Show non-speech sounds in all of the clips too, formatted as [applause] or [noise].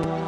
Thank you.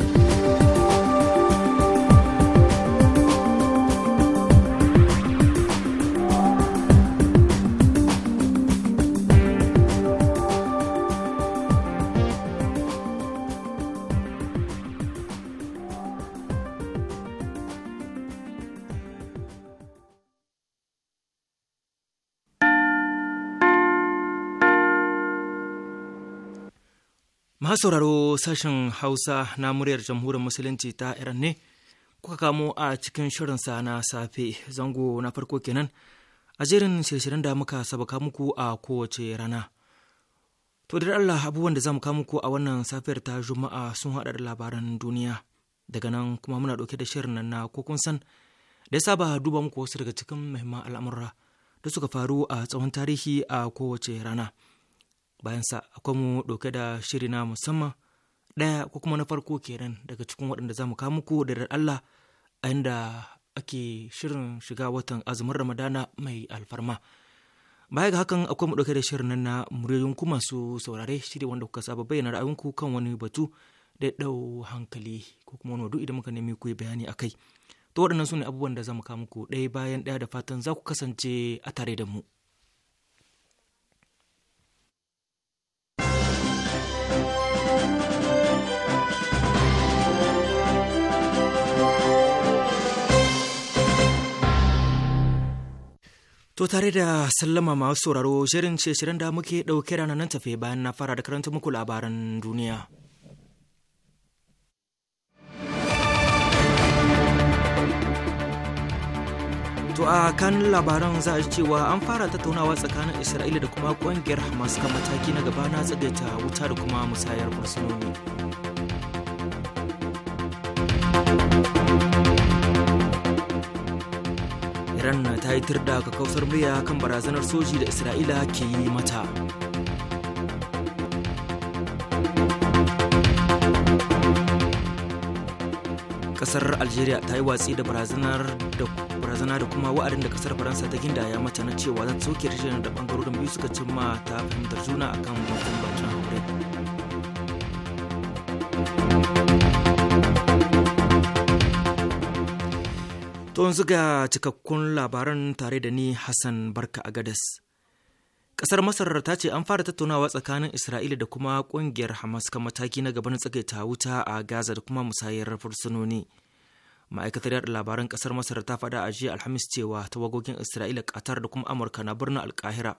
Masu sauraro sashen Hausa na muryar Jamhuriyar Musulunci ta Iran ne kuka kamo a cikin shirin sa na safe zango na farko kenan a jerin shirin da muka sabaka muku a kowace rana. To da Allah abubuwan da za mu kamuku a wannan safiyar ta Juma'a sun haɗa da labaran duniya. Daga nan kuma muna ɗauke da shirin nan na kokun san da ya saba duba muku wasu daga cikin muhimman al'amura da suka faru a tsawon tarihi a kowace rana. bayan sa akwai mu ɗauke da shiri na musamman ɗaya ko kuma na farko kenan daga cikin waɗanda za mu kawo muku da Allah a inda ake shirin shiga watan azumin ramadana mai alfarma baya ga hakan akwai mu ɗauke da shirin nan na muryoyin kuma masu saurare shiri wanda kuka saba bayyana ra'ayinku kan wani batu da ya ɗau hankali ko kuma wani idan muka nemi ku yi bayani a kai to waɗannan su ne abubuwan da za mu kawo muku ɗaya bayan ɗaya da fatan za ku kasance a tare da mu. To tare da sallama masu sauraro shirin ce shirin da muke ɗauke ranar nan tafe bayan na fara da karanta muku labaran duniya. To a kan labaran za a cewa an fara tattaunawa tsakanin Isra'ila da kuma ƙungiyar Hamas kan mataki na gaba na tsagaita wuta da kuma musayar fursunoni. iran ta yi ka kausar baya kan barazanar soji da isra'ila ke yi mata kasar algeria ta yi watsi da barazana da kuma wa'adin da kasar faransa ta gindaya mata na cewa za ta soke da bangarorin biyu suka cimma ta fahimtar juna akan batun bakin haure To yanzu ga cikakkun labaran tare da ni Hassan Barka Agadas. Ƙasar Masar ta ce an fara tattaunawa tsakanin Isra'ila da kuma ƙungiyar Hamas kan mataki na gaban tsagaita wuta a Gaza da kuma musayar fursunoni. ma'aikatar yada labaran kasar masar ta faɗa a jiya alhamis cewa tawagogin isra'ila qatar da kuma amurka na birnin alkahira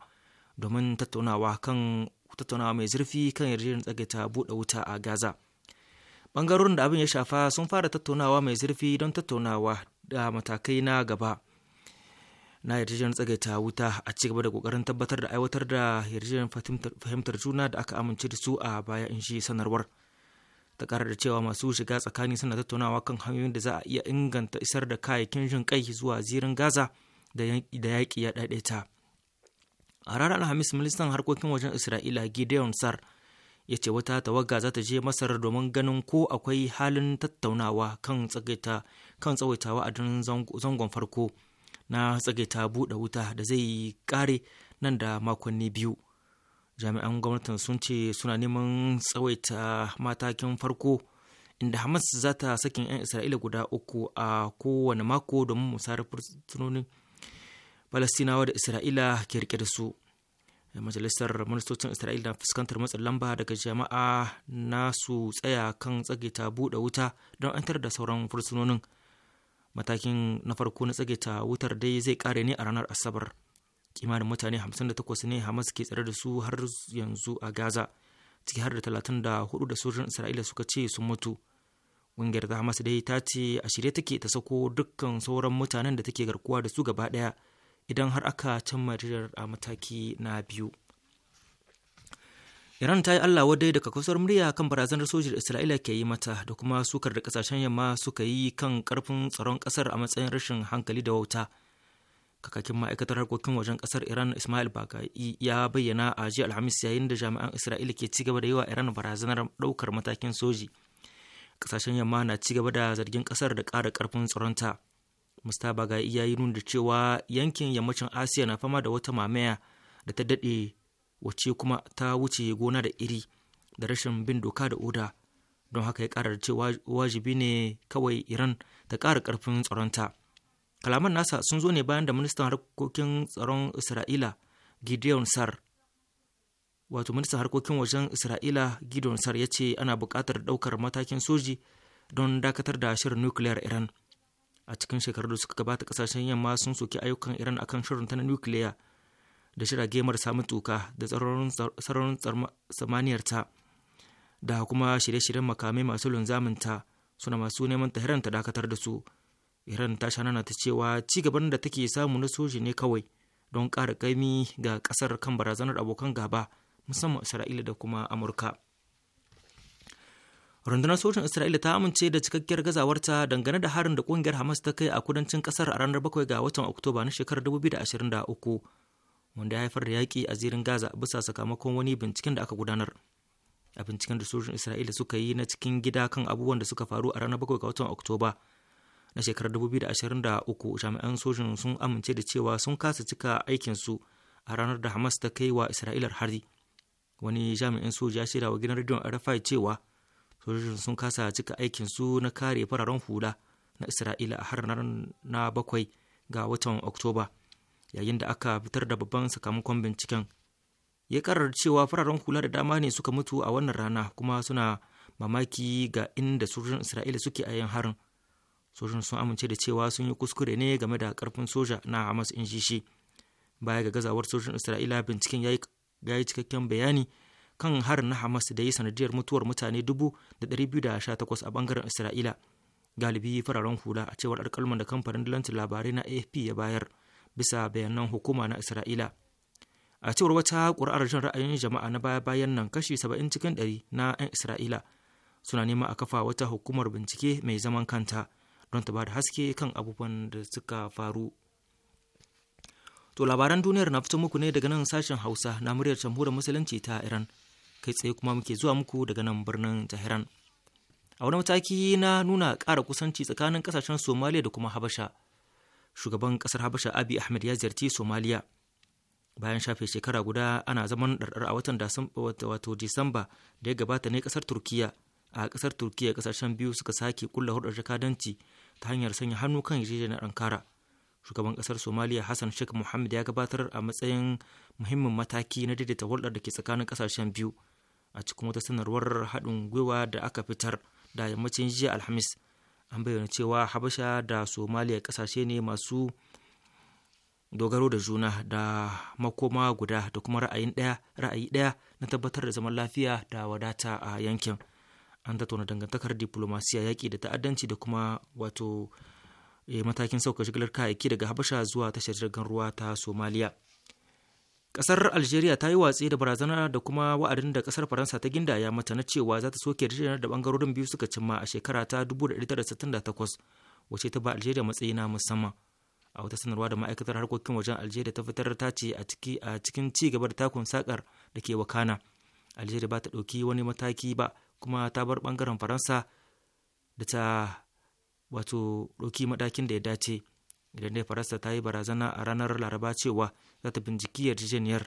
domin tattaunawa kan tattaunawa mai zurfi kan yarjejeniyar tsagaita buɗe wuta a gaza bangarorin da abin ya shafa sun fara tattaunawa mai zurfi don tattaunawa da matakai na gaba na yarjejeniyar tsagaita wuta a ci gaba da kokarin tabbatar da aiwatar da yarjejeniyar fahimtar juna da aka amince da su a baya in shi sanarwar ta karar da cewa masu shiga tsakani suna tattaunawa kan hanyoyin da za a iya inganta isar da kayayyakin jin kai zuwa zirin gaza da yaƙi ya ɗaiɗaita a ranar alhamis ministan harkokin wajen isra'ila gideon sar ya ce wata tawaga za ta je masar domin ganin ko akwai halin tattaunawa kan tsagaita kan tsawaita wa'adin zangon farko na tsagaita buɗe wuta da zai ƙare nan da makonni biyu jami'an gwamnatin sun ce suna neman tsawaita matakin farko inda hamas za ta sakin 'yan isra'ila guda uku a kowane mako domin musarar fursunonin falastinawa da isra'ila ke rike da su majalisar ministocin isra'ila na fuskantar matsin lamba daga jama'a na su tsaya kan tsage buɗe wuta don antar da sauran fursunonin matakin na farko na tsagaita wutar dai zai kare ne a ranar asabar kimanin mutane 58 ne hamas ke tsare da su har yanzu a gaza ciki har da 34 da sojojin isra'ila suka ce sun mutu ƙungiyar ta hamas dai ta ce a shirye take ta sako dukkan sauran mutanen da take garkuwa da su gaba ɗaya idan har aka cimma a mataki na biyu Iran ta yi Allah wadai daga kusur murya kan barazanar sojin Isra'ila ke yi mata da kuma sukar da kasashen yamma suka yi kan karfin tsaron kasar a matsayin rashin hankali da wauta. Kakakin ma'aikatar harkokin wajen kasar Iran Ismail Bakai ya bayyana a jiya Alhamis yayin da jami'an Isra'ila ke cigaba da yi wa Iran barazanar ɗaukar matakin soji. Kasashen yamma na cigaba da zargin kasar da kara karfin tsaronta. musta Bagai ya yi nuna da cewa yankin yammacin Asiya na fama da wata mamaya da ta daɗe wacce kuma ta wuce gona da iri da rashin bin doka da oda don haka ya kara da cewa wajibi ne kawai iran ta ƙara ƙarfin tsaronta kalaman nasa sun zo ne bayan da ministan harkokin tsaron isra'ila gideon sar wato ministan harkokin wajen isra'ila gideon sar ya ce ana buƙatar ɗaukar matakin soji don dakatar da shirin nukiliyar iran a cikin shekarar da suka gabata kasashen yamma sun soki ayyukan iran akan shirin ta na nukiliya da gemar samun tuka da sararin samaniyarta da kuma shirye-shiryen makamai masu ta suna masu neman tahiran ta dakatar da su iran ta shanana ta cewa ci gaban da take samu na soji ne kawai don ƙara kaimi ga ƙasar kan barazanar abokan gaba musamman isra'ila da kuma amurka rundunar sojin isra'ila ta amince da cikakkiyar gazawarta dangane da harin da kungiyar hamas ta kai a kudancin kasar a ranar bakwai ga watan oktoba na shekarar 2023 wanda ya haifar da yaƙi a zirin Gaza bisa sakamakon wani binciken da aka gudanar. A binciken da sojojin Isra'ila suka yi na cikin gida kan abubuwan da suka faru a ranar bakwai ga watan Oktoba na shekarar 2023 jami'an sojin sun amince da cewa sun kasa cika aikinsu a ranar da Hamas ta kai wa isra'ila hari. Wani jami'in soja ya shaida wa gidan rediyon Arafai cewa sojojin sun kasa cika aikinsu na kare fararen hula na Isra'ila a har na bakwai ga watan Oktoba. yayin da aka fitar da babban sakamakon binciken ya karar cewa fararen hula da dama ne suka mutu a wannan rana kuma suna mamaki ga inda sojojin isra'ila suke a yin harin sojojin sun amince da cewa sun yi kuskure ne game da karfin soja na hamas in ji shi baya ga gazawar sojojin isra'ila binciken ya yi cikakken bayani kan harin na hamas da yi sanadiyar mutuwar mutane dubu da ɗari biyu da sha takwas a bangaren isra'ila galibi fararen hula a cewar alkalman da kamfanin dalancin labarai na afp ya bayar bisa bayanan hukuma na Isra'ila. A cewar wata ƙuri'ar jin ra'ayin jama'a na baya-bayan nan kashi saba'in cikin 100 na 'yan Isra'ila suna nema a kafa wata hukumar bincike mai zaman kanta don ta ba da haske kan abubuwan da suka faru. To labaran duniyar na fito muku ne daga nan sashen Hausa na muryar jamhuriyar musulunci ta Iran kai tsaye kuma muke zuwa muku daga nan birnin Tehran. A wani mataki na nuna ƙara kusanci tsakanin ƙasashen Somaliya da kuma Habasha. shugaban kasar habasha abi ahmed ya ziyarci somaliya bayan shafe shekara guda ana zaman ɗarɗar a watan wato disamba da ya gabata ne kasar turkiya a kasar turkiya kasashen biyu suka sake kulla hudar jakadanci ta hanyar sanya hannu kan yarjejeniyar ankara shugaban kasar somaliya hassan sheikh muhammad ya gabatar a matsayin muhimmin mataki na daidaita hulɗar da ke tsakanin kasashen biyu a cikin wata sanarwar haɗin gwiwa da aka fitar da yammacin jiya alhamis an bayyana cewa habasha da somaliya kasashe ne masu dogaro da juna da makoma guda da kuma ra'ayin ra'ayi ɗaya na tabbatar da zaman lafiya da wadata a yankin an tattauna dangantakar diplomasiya yaƙi da ta'addanci da kuma wato eh, matakin sauka shigilar kayayyaki daga habasha zuwa tashar jirgin ruwa ta somaliya Ƙasar Algeria ta yi watsi da barazana da kuma wa'adin da kasar Faransa ta gindaya mata na cewa za ta soke yarjejeniyar da bangarorin biyu suka cimma a shekara ta 1968 wacce ta ba Algeria matsayi na musamman. A wata sanarwa da ma'aikatar harkokin wajen Algeria ta fitar ta ce a cikin ci gaba da takun sakar da ke wakana. Algeria ba ta ɗauki wani mataki ba kuma ta bar bangaren Faransa da ta wato ɗauki madakin da ya dace. Idan dai Faransa ta yi barazana a ranar Laraba cewa za ta binciki yarjejeniyar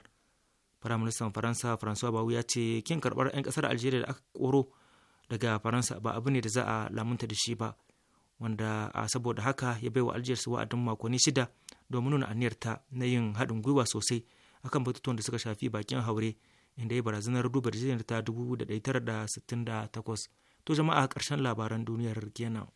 firaministan faransa françois bawu ya ce kin karbar 'yan ƙasar algeria da aka koro daga faransa ba abu ne da za a lamunta da shi ba wanda a saboda haka ya baiwa algeria su wa'adin makonni shida domin nuna aniyarta na yin haɗin gwiwa sosai akan batutuwan da suka shafi bakin haure inda ya barazanar duba yarjejeniyar ta 1968 to jama'a ƙarshen labaran duniyar kenan.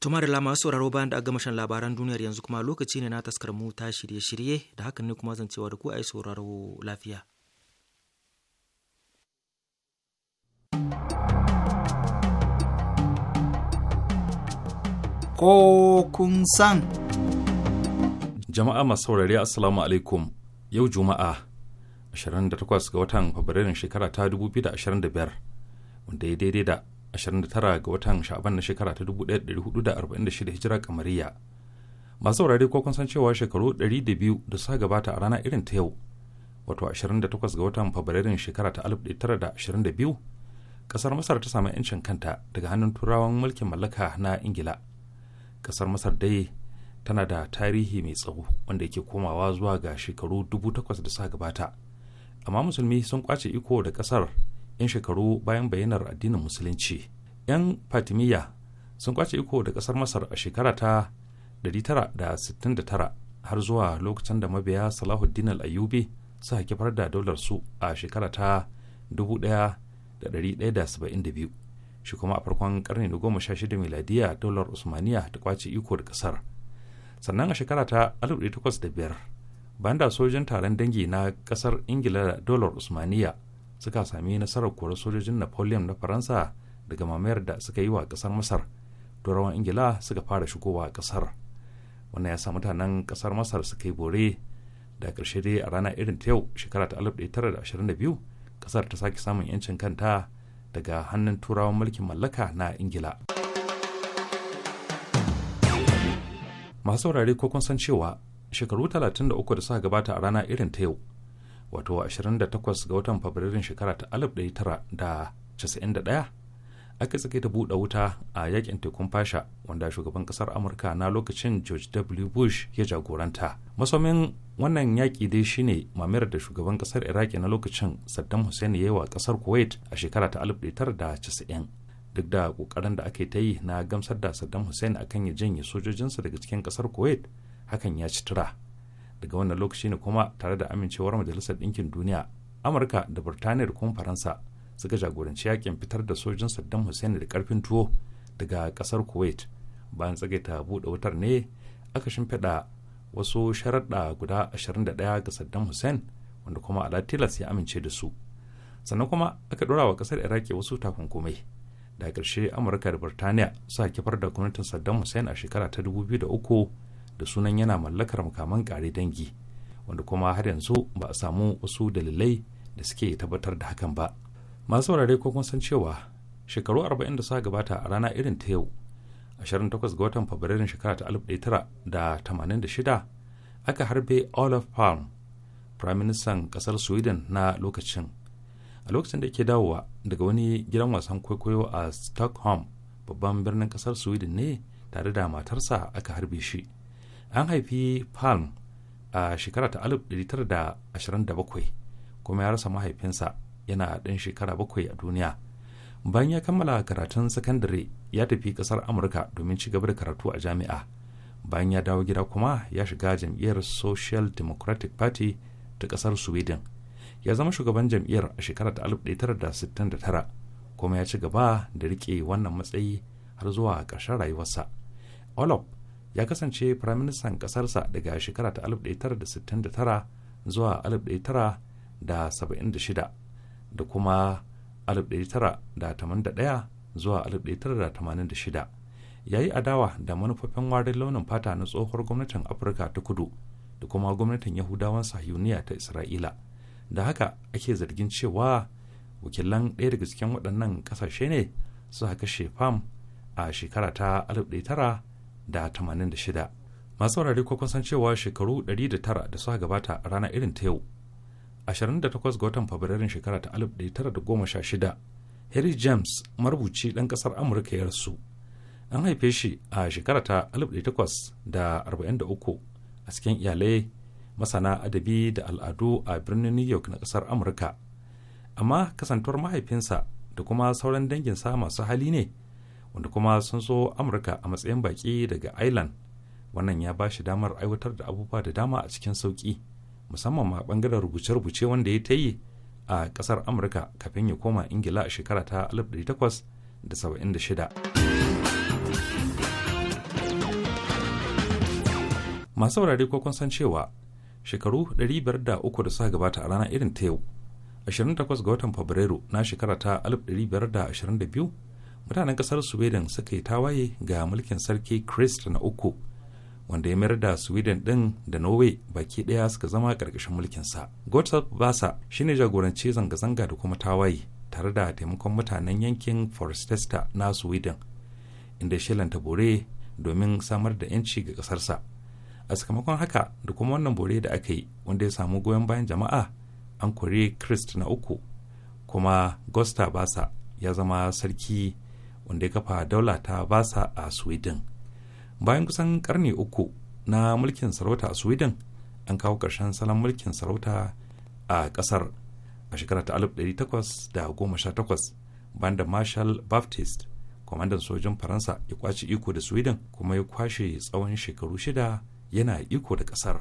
Tuma da lama sauraro bayan da aka gama shan labaran duniyar yanzu kuma lokaci ne na taskar mu ta shirye-shirye da hakan ne kuma zan zancewa da ku a yi sauraro lafiya. Ko kun san. Jama'a masu saurari Assalamu alaikum yau Juma'a 28 ga watan Fabrairun shekara ta 2025 wanda ya daidai da 29 ga watan sha'aban na shekara ta 1446 hijira kamariya masu saurare ko kun san cewa shekaru 200 da suka gabata a rana irin ta yau wato 28 ga watan fabrairun shekara ta 1922 kasar masar ta sami 'yancin kanta daga hannun turawan mulkin mallaka na ingila kasar masar dai tana da tarihi mai tsawo wanda yake komawa zuwa ga shekaru 8,000 da suka gabata amma musulmi sun kwace iko da kasar 'yan shekaru bayan bayyanar addinin musulunci 'yan fatimiyya sun kwace iko da kasar masar a shekara ta 969 har zuwa lokacin da mabiya salahuddin al-ayyubi su far da daular su a shekara ta 1172 shi kuma a farkon karni na goma sha shida miladiya daular usmaniya ta kwace iko da kasar sannan a shekara ta 1805 da sojin taron dangi na kasar ingila da daular usmaniya suka sami nasarar korar sojojin napoleon na faransa daga mamayar da suka yi wa kasar masar turawan ingila suka fara shigowa a kasar wannan ya sa mutanen kasar masar suka yi bore da ƙarshe dai a rana irin ta yau shekara ta 1922 kasar ta sake samun 'yancin kanta daga hannun turawan mulkin mallaka na ingila masu saurare ko kun san cewa shekaru uku da suka gabata a rana irin ta yau wato 28 ga watan fabrairun shekara ta 1991 aka tsake ta buɗe wuta a yakin tekun fasha wanda shugaban ƙasar amurka na lokacin george w bush ya jagoranta masomin wannan yaƙi dai shine mamayar da shugaban ƙasar iraki na lokacin saddam hussein ya yi wa ƙasar kuwait a shekara ta 1990 duk da ƙoƙarin da ake ta yi na gamsar da saddam hussein akan ya janye sojojinsa daga cikin ƙasar kuwait hakan ya ci tura daga wannan lokaci ne kuma tare da amincewar majalisar ɗinkin duniya amurka da burtaniya da kuma faransa suka jagoranci yakin fitar da sojin saddam hussein da karfin tuwo daga kasar kuwait bayan tsagaita buɗe wutar ne aka shimfiɗa wasu sharaɗa guda 21 ga saddam hussein wanda kuma ala tilas ya amince da su sannan kuma aka ɗora wa ƙasar iraki wasu takunkumai da ƙarshe amurka da burtaniya suka kifar da gwamnatin saddam hussein a shekara ta 2003 da sunan yana mallakar makaman kare dangi wanda kuma har yanzu ba a samu wasu dalilai da suke tabbatar da hakan ba masu wurare ko kun san cewa shekaru 40 da suka gabata a rana irin ta yau 28 ga watan fabrairun shekara ta 1986 aka harbe olaf palm firaministan kasar sweden na lokacin a lokacin da ke dawowa daga wani gidan wasan kwaikwayo a stockholm babban birnin kasar sweden ne tare da matarsa aka harbe shi an haifi palm a shekara ta 1927 kuma ya rasa mahaifinsa yana ɗan shekara bakwai a duniya bayan ya kammala karatun sakandare ya tafi ƙasar amurka domin ci gaba da karatu a jami'a bayan ya dawo gida kuma ya shiga jam'iyyar social democratic party ta ƙasar sweden ya zama shugaban jam'iyyar a shekara ta 1969 kuma ya ci gaba da riƙe wannan matsayi har zuwa ƙarshen rayuwarsa olaf ya kasance firaministan ƙasarsa daga shekara ta 1969 zuwa 1976 da kuma 1981 zuwa 1986 ya yi adawa da manufofin warin launin fata na tsohuwar gwamnatin afirka ta kudu da kuma gwamnatin yahudawan sahiyuniya ta isra'ila da haka ake zargin cewa wakilan ɗaya daga cikin waɗannan ƙasashe ne suka kashe fam a shekara ta 1900 da 86 masu saurare ko kusan cewa shekaru 109 da suka gabata a rana irin ta yau 28 ga watan fabrairun shekara ta 1916 harry james marubuci ɗan ƙasar amurka ya rasu an haife shi a shekara ta 1843 a cikin iyalai masana adabi da al'adu a birnin new york na ƙasar amurka amma kasantuwar mahaifinsa da kuma sauran danginsa masu hali ne wanda kuma sun so amurka a matsayin baki daga ireland wannan ya ba shi damar aiwatar da abubuwa da dama a cikin sauki musamman ma bangaren rubuce-rubuce wanda ya ta yi a kasar amurka kafin ya koma ingila a shekara ta 1876 masu wurare ko kun san cewa shekaru 503 da suka gabata a ranar irin ta yau 28 ga watan fabrairu na shekara ta 1522 mutanen kasar sweden suka yi tawaye ga mulkin sarki christ na uku wanda ya mayar da sweden din da norway baki daya suka zama karkashin mulkinsa gotthard basa shine jagoranci zanga-zanga da kuma tawaye tare da taimakon mutanen yankin forestesta na sweden inda shilanta bore domin samar da 'yanci ga kasarsa a sakamakon haka da kuma wannan bore da aka yi wanda ya samu goyon bayan jama'a an kore christ na uku kuma gosta basa ya zama sarki wanda ya kafa daula ta basa a sweden bayan kusan karni uku na mulkin sarauta a sweden an kawo ƙarshen salon mulkin sarauta a ƙasar a shekara ta 1818 bayan da marshal baptist kwamandan sojin faransa ya kwace iko da sweden kuma ya kwashe tsawon shekaru shida yana iko da ƙasar.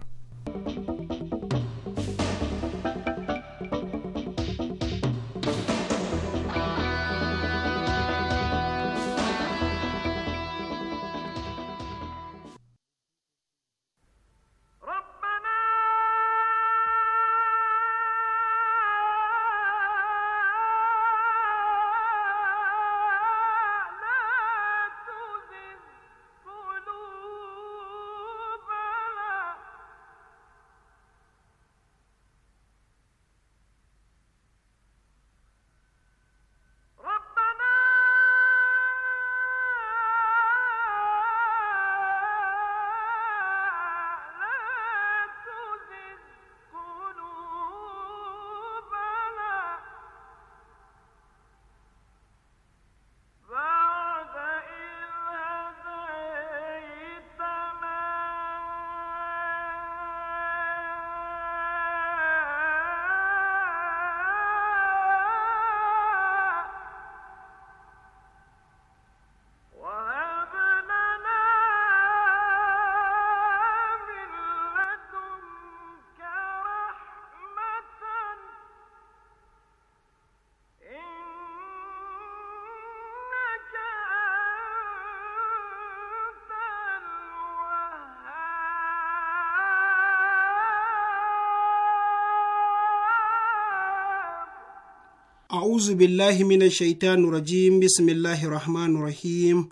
a'uzu billahi mina shaitanu rajim bismillahi rahmanu rahim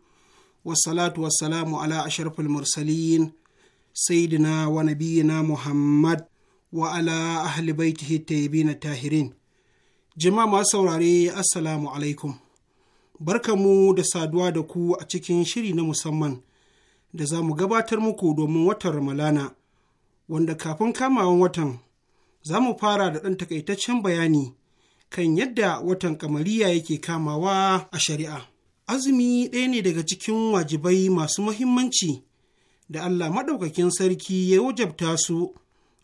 wasalatu wasalamu ala asharfil mursalin saidina wa nabiyina muhammad wa ala ahli baitihi na tahirin jama'a ma saurare assalamu alaikum mu da saduwa da ku a cikin shiri na musamman da za mu gabatar muku domin watan ramalana wanda kafin kamawan watan za mu fara da ɗan takaitaccen bayani kan yadda watan kamariya yake kamawa a shari'a. Azumi ɗaya ne daga cikin wajibai masu muhimmanci da Allah maɗaukakin sarki ya wajabta su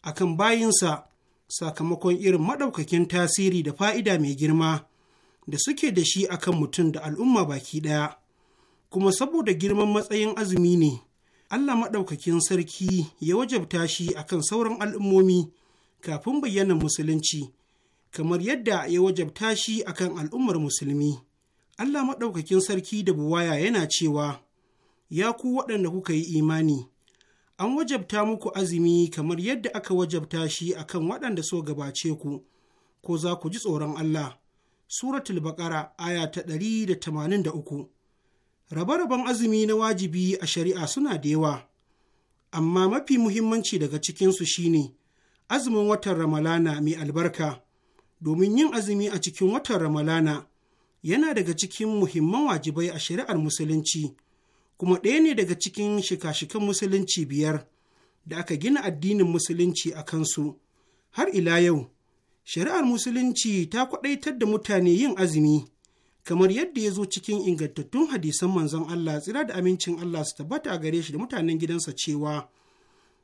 a kan bayinsa sakamakon irin maɗaukakin tasiri da fa'ida mai girma da suke da shi a kan mutum da al'umma baki ɗaya. Kuma saboda girman matsayin azumi ne, Allah maɗaukakin sarki ya wajabta shi a kan sauran al'ummomi kafin bayyana musulunci. kamar yadda ya wajabta shi akan al'ummar musulmi. Allah maɗaukakin sarki da buwaya yana cewa, Ya ku waɗanda kuka yi imani, an wajabta muku azumi kamar yadda aka wajabta shi akan waɗanda so gabace ku, ko za ku ji tsoron Allah. Suratul Baƙara aya ta ɗari da tamanin da uku. Rabe-raben azumi na wajibi a shari'a suna da yawa, amma mafi muhimmanci daga cikinsu shine azumin watan Ramalana mai albarka. domin yin azumi a cikin watan Ramalana yana daga cikin muhimman wajibai a shari'ar Musulunci, kuma ɗaya ne daga cikin shika-shikan Musulunci biyar da aka gina addinin Musulunci a kansu. Har ila yau, shari'ar Musulunci ta kwaɗaitar da mutane yin azumi, kamar yadda ya zo cikin ingantattun hadisan manzon Allah tsira da amincin Allah su tabbata a gare shi da mutanen gidansa cewa,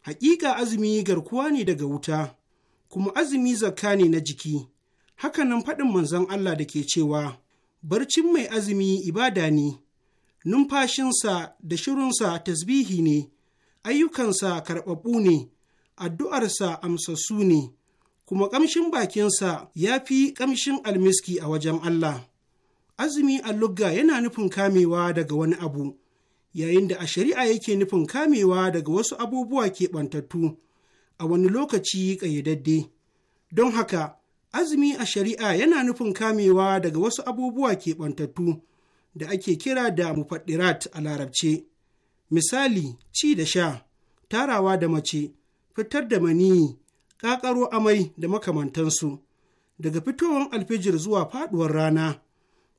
Hakika azumi garkuwa ne daga wuta, kuma azumi zakka ne na jiki. hakanan faɗin manzon Allah da ke cewa barcin mai azumi ibada ne numfashinsa da shirunsa tasbihi ne ayyukansa karɓaɓɓu ne addu'arsa amsassu ne kuma ƙamshin bakinsa ya fi ƙamshin almiski a wajen Allah azumi alugga yana nufin kamewa daga wani abu yayin da a shari'a yake nufin kamewa daga wasu abubuwa ke ɓantattu. a wani lokaci ƙayyadadde don haka azumi a shari'a yana nufin kamewa daga wasu abubuwa keɓantattu da ake kira da mufaɗirat a larabce misali ci da sha tarawa da mace fitar da maniyi ƙaƙaro amai da makamantansu daga fitowar alfijir zuwa faɗuwar rana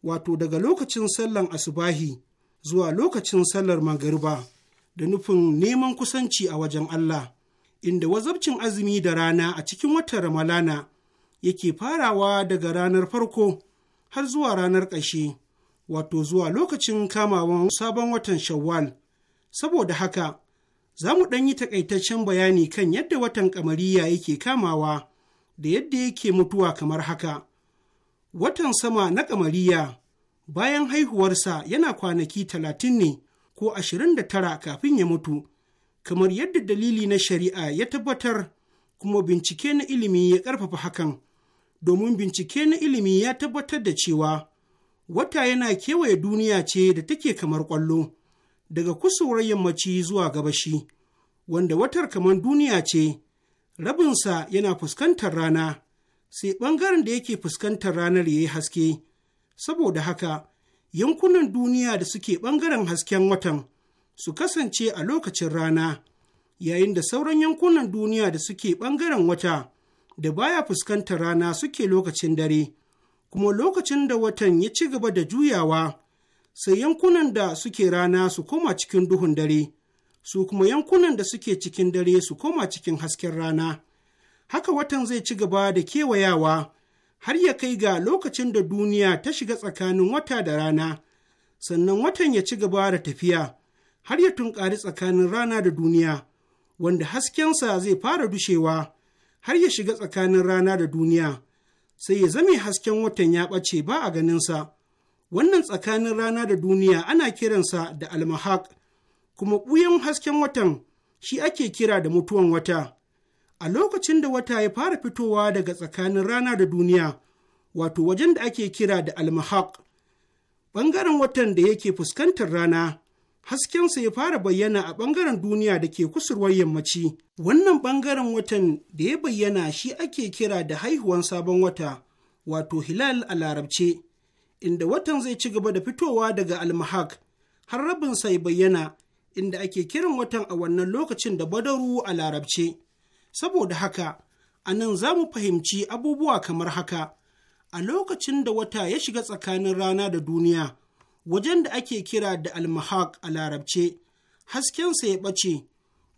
wato daga lokacin sallar asubahi zuwa lokacin sallar magariba da nufin neman kusanci a wajen Allah inda wazabcin azumi da rana a cikin watan Ramalana yake farawa daga ranar farko har zuwa ranar ƙashi, wato zuwa lokacin kamawan sabon watan Shawwal. Saboda haka, za mu ɗan yi taƙaitaccen bayani kan yadda watan kamariya yake kamawa da yadda yake mutuwa kamar haka. Watan sama na ƙamariya, bayan haihuwarsa yana kwanaki talatin ne ko ashirin da tara kafin ya mutu, kamar yadda dalili na shari'a ya tabbatar kuma bincike na ilimi ya ƙarfafa hakan. domin bincike na ilimi ya tabbatar da cewa wata yana kewaye duniya ce da take kamar ƙwallo daga kusurwar yammaci zuwa gabashi wanda watar kamar duniya ce rabinsa yana fuskantar rana sai ɓangaren da yake fuskantar ranar ya yi haske saboda haka yankunan duniya da suke ɓangaren hasken watan su kasance a lokacin rana yayin da sauran yankunan duniya da suke ɓangaren wata da baya fuskantar rana suke lokacin dare, kuma lokacin da watan ya ci gaba da juyawa, sai yankunan da suke rana su koma cikin duhun dare, su kuma yankunan da suke cikin dare su koma cikin hasken rana. Haka watan zai ci gaba da kewayawa har ya kai ga lokacin da duniya ta shiga tsakanin wata da rana, sannan watan ya ci gaba da tafiya har ya tunƙari tsakanin rana da duniya, wanda haskensa zai fara dushewa. har ya shiga tsakanin rana da duniya sai ya zame hasken watan ya ɓace ba a ganinsa wannan tsakanin rana da duniya ana kiransa da almahak kuma ɓuyan hasken watan shi ake kira da mutuwan wata a lokacin da wata ya fara fitowa daga tsakanin rana da duniya wato wajen da ake kira da almahak ɓangaren watan da yake fuskantar rana haskensa ya fara bayyana a ɓangaren duniya da ke kusurwar yammaci. Wannan ɓangaren watan da ya bayyana shi ake kira da haihuwan sabon wata, wato hilal a larabce, inda watan zai ci gaba da fitowa daga almahak, har rabinsa ya bayyana, inda ake kiran watan a wannan lokacin da badaru a larabce. Saboda haka, a nan za mu fahimci abubuwa kamar haka, a lokacin da wata ya shiga tsakanin rana da duniya. wajen da ake kira da almahak a larabce haskensa ya ɓace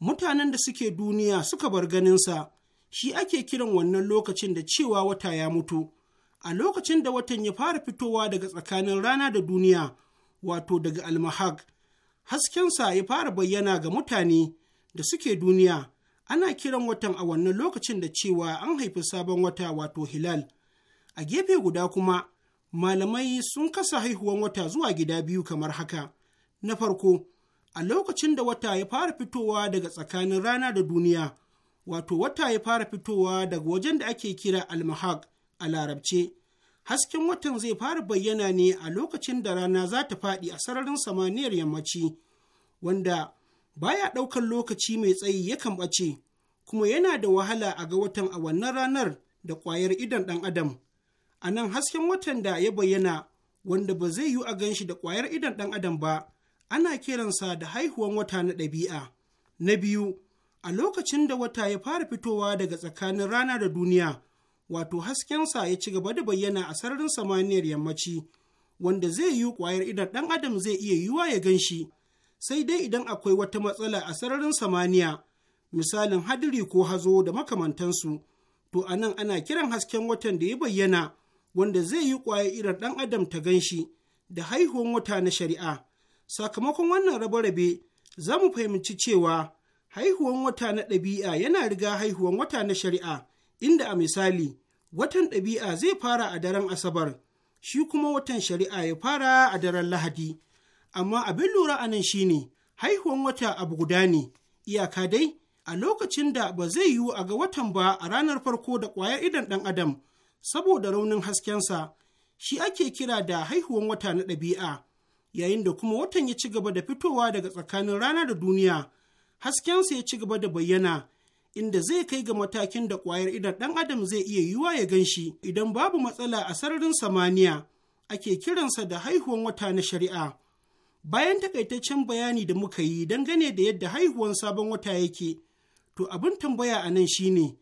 mutanen da suke duniya suka bar ganinsa shi ake kiran wannan lokacin da cewa wata ya mutu a lokacin da watan ya fara fitowa daga tsakanin rana da duniya wato daga almahak haskensa ya fara bayyana ga mutane da suke duniya ana kiran watan a wannan lokacin da cewa an haifi sabon wata wato hilal a gefe guda kuma malamai sun kasa haihuwan wata zuwa gida biyu kamar haka na farko a lokacin da wata ya fara fitowa daga tsakanin rana da duniya wato wata ya fara fitowa daga wajen da ake kira almahak a larabce hasken watan zai fara bayyana ne a lokacin da rana za ta faɗi a sararin samaniyar yammaci wanda baya ɗaukar lokaci mai tsayi yakan ɓace kuma yana da wahala a ga watan a wannan ranar da ƙwayar idon ɗan adam a nan hasken watan da ya bayyana wanda ba zai yiwu a ganshi da ƙwayar idon ɗan adam ba ana kiransa da haihuwan wata na ɗabi'a na biyu a lokacin da wata ya fara fitowa daga tsakanin rana da duniya wato haskensa ya ci gaba da bayyana a sararin samaniyar yammaci wanda zai yiwu ƙwayar idon ɗan adam zai iya yiwuwa ya ganshi sai dai idan akwai wata matsala a sararin samaniya misalin hadiri ko hazo da makamantansu to anan ana kiran hasken watan da ya bayyana wanda zai yi ƙwaye irin ɗan adam ta gan shi. da haihuwan wata na shari'a sakamakon wannan rabe-rabe za mu fahimci cewa haihuwan wata na ɗabi'a yana riga haihuwan wata na shari'a inda a misali watan ɗabi'a zai fara a daren asabar shi kuma watan shari'a ya fara a daren lahadi amma abin lura a nan shine haihuwan wata abu guda ne iyaka dai a lokacin da ba zai yiwu a ga watan ba a ranar farko da ƙwayar idan ɗan adam saboda raunin haskensa shi ake kira da haihuwan wata na ɗabi'a yayin da kuma watan ya ci gaba da fitowa daga tsakanin rana da duniya haskensa ya ci gaba da bayyana inda zai kai ga matakin da ƙwayar idan ɗan adam zai iya yiwa ya gan shi idan babu matsala a sararin samaniya ake kiransa da haihuwan wata na shari'a bayan takaitaccen bayani da muka yi gane da yadda haihuwan sabon wata yake to abin tambaya a nan shine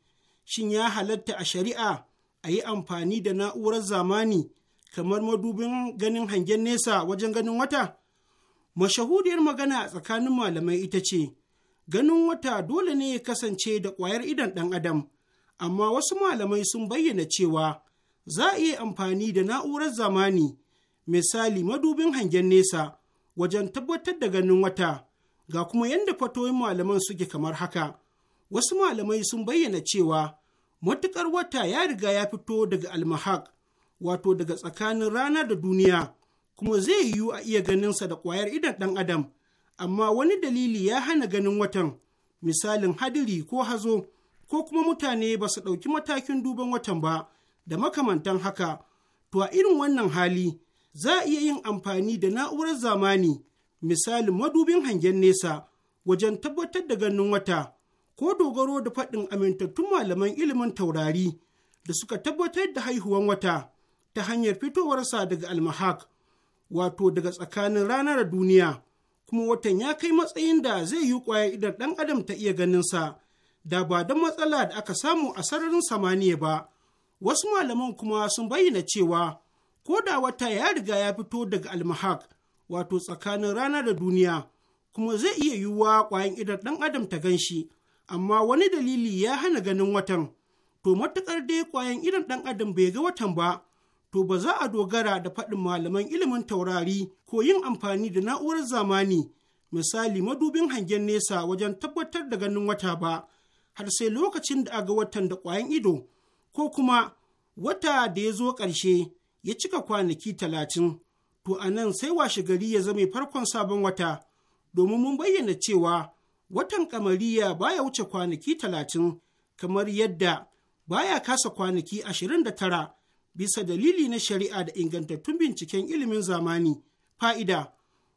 shin ya halatta a shari'a a yi amfani da na'urar zamani kamar madubin ganin hangen nesa wajen ganin wata? Mashahudiyar magana a tsakanin malamai ita ce, ganin wata dole ne ya kasance da ƙwayar idon ɗan adam, amma wasu malamai sun bayyana cewa za a iya amfani da na'urar zamani, misali madubin hangen nesa, wajen tabbatar da ganin wata, ga kuma yadda fatoyin malaman suke kamar haka. Wasu malamai sun bayyana cewa matuƙar wata ya riga ya fito daga almahak wato daga tsakanin rana da duniya kuma zai yiwu a iya ganinsa da ƙwayar idon ɗan adam amma wani dalili ya hana ganin watan misalin hadiri ko hazo ko kuma mutane ba su ɗauki matakin duban watan ba da makamantan haka to a irin wannan hali za a iya yin amfani da na'urar zamani misalin madubin hangen nesa wajen tabbatar da ganin wata ko dogaro da faɗin amintattun malaman ilimin taurari da suka tabbatar da haihuwan wata ta hanyar fitowarsa daga almahak wato daga tsakanin ranar duniya kuma watan ya kai matsayin da zai yi kwaya idan ɗan adam ta iya ganin sa, da ba don matsala da aka samu a sararin samaniya ba wasu malaman kuma sun bayyana cewa ko da wata ya riga ya fito daga almahak wato tsakanin rana da duniya kuma zai iya yiwuwa kwayan idan ɗan adam ta gan shi amma wani dalili ya hana ganin watan to matuƙar dai kwayan irin ɗan adam bai ga watan ba to ba za a dogara da faɗin malaman ilimin taurari ko yin amfani da na'urar zamani misali madubin hangen nesa wajen tabbatar da ganin wata ba har sai lokacin da aga watan da kwayan ido ko kuma wata da ya zo ƙarshe ya cika kwanaki talatin to a nan sai washe gari ya zame farkon sabon wata domin mun bayyana cewa watan kamariya baya wuce kwanaki talatin kamar yadda baya kasa kwanaki ashirin da tara bisa dalili na shari'a da ingantattun binciken ilimin zamani fa'ida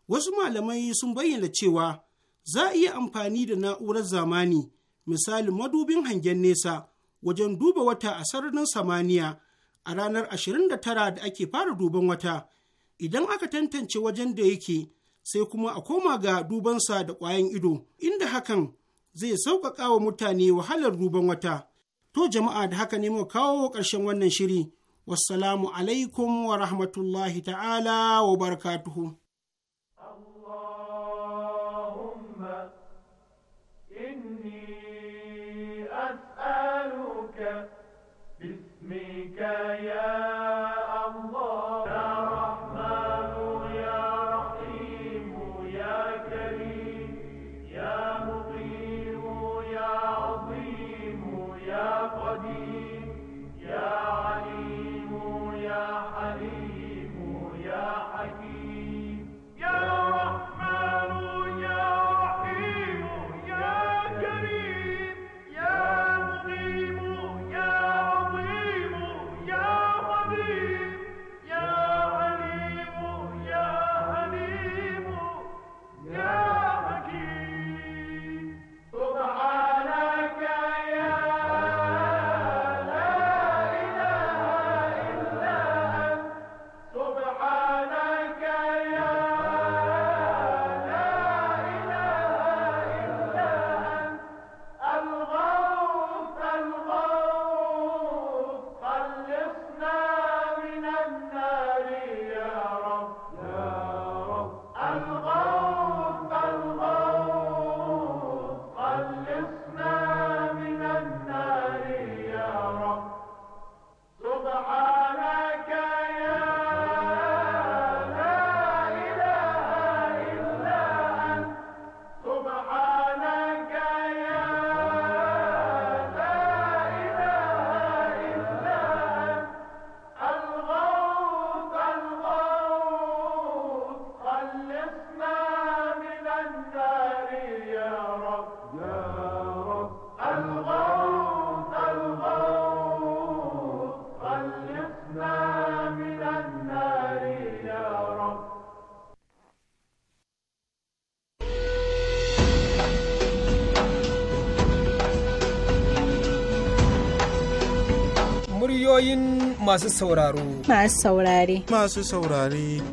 wasu malamai sun bayyana cewa za a iya amfani da na'urar zamani misali madubin hangen nesa wajen duba wata a sararin samaniya a ranar 29 da ake fara duban wata idan aka tantance wajen da yake sai kuma a koma ga dubansa da ƙwayan ido inda hakan zai sauƙaƙa wa mutane wahalar duban wata to jama'a da haka ne mu kawo ƙarshen wannan shiri wassalamu alaikum wa rahmatullahi ta'ala wa barakatuhu masu sauraro. Masu saurare. Masu saurare.